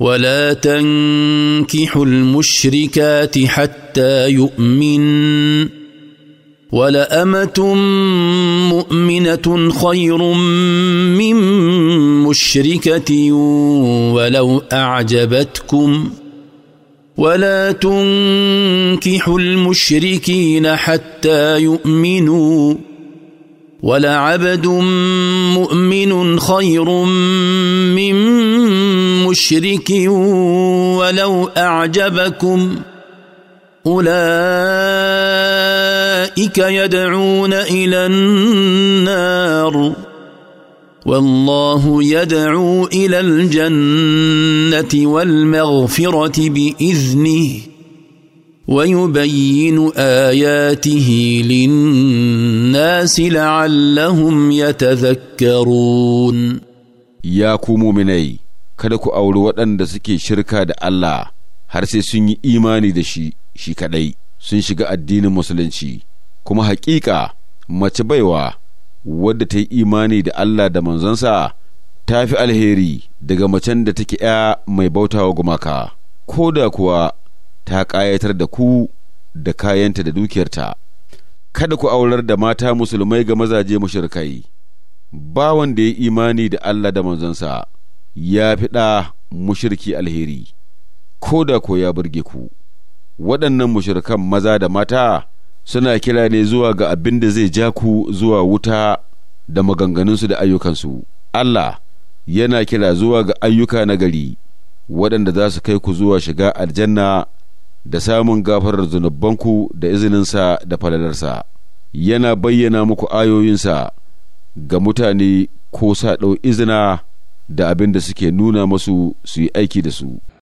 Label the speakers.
Speaker 1: ولا تنكحوا المشركات حتى يؤمن ولأمة مؤمنة خير من مشركة ولو أعجبتكم ولا تنكحوا المشركين حتى يؤمنوا ولعبد مؤمن خير من مشرك ولو اعجبكم اولئك يدعون الى النار والله يدعو الى الجنه والمغفره باذنه ويبين اياته للناس لعلهم يتذكرون يا
Speaker 2: كومو مني
Speaker 1: kada ku auri
Speaker 2: waɗanda suke shirka da Allah har sai sun yi imani da shi shi kaɗai sun shiga addinin musulunci kuma haƙiƙa mace baiwa wadda ta yi imani da Allah da manzansa ta fi alheri daga macen da take ya mai bautawa gumaka ko da kuwa ta ƙayatar da ku da kayanta da dukiyarta kada ku aurar da mata musulmai ga mazaje mushrikai ba wanda ya imani da Allah da manzansa ya fi ɗa mushirki alheri ko da ko ya burge ku waɗannan mushirkan maza da mata suna kira ne zuwa ga abin da zai ja ku zuwa wuta da maganganunsu da ayyukansu Allah yana kira zuwa ga ayyuka na gari waɗanda za su kai ku zuwa shiga aljanna da samun gafarar zunubanku da izininsa da falalarsa yana bayyana muku ayoyinsa ga mutane ko sa ɗau izina da abin da suke nuna masu su yi aiki da su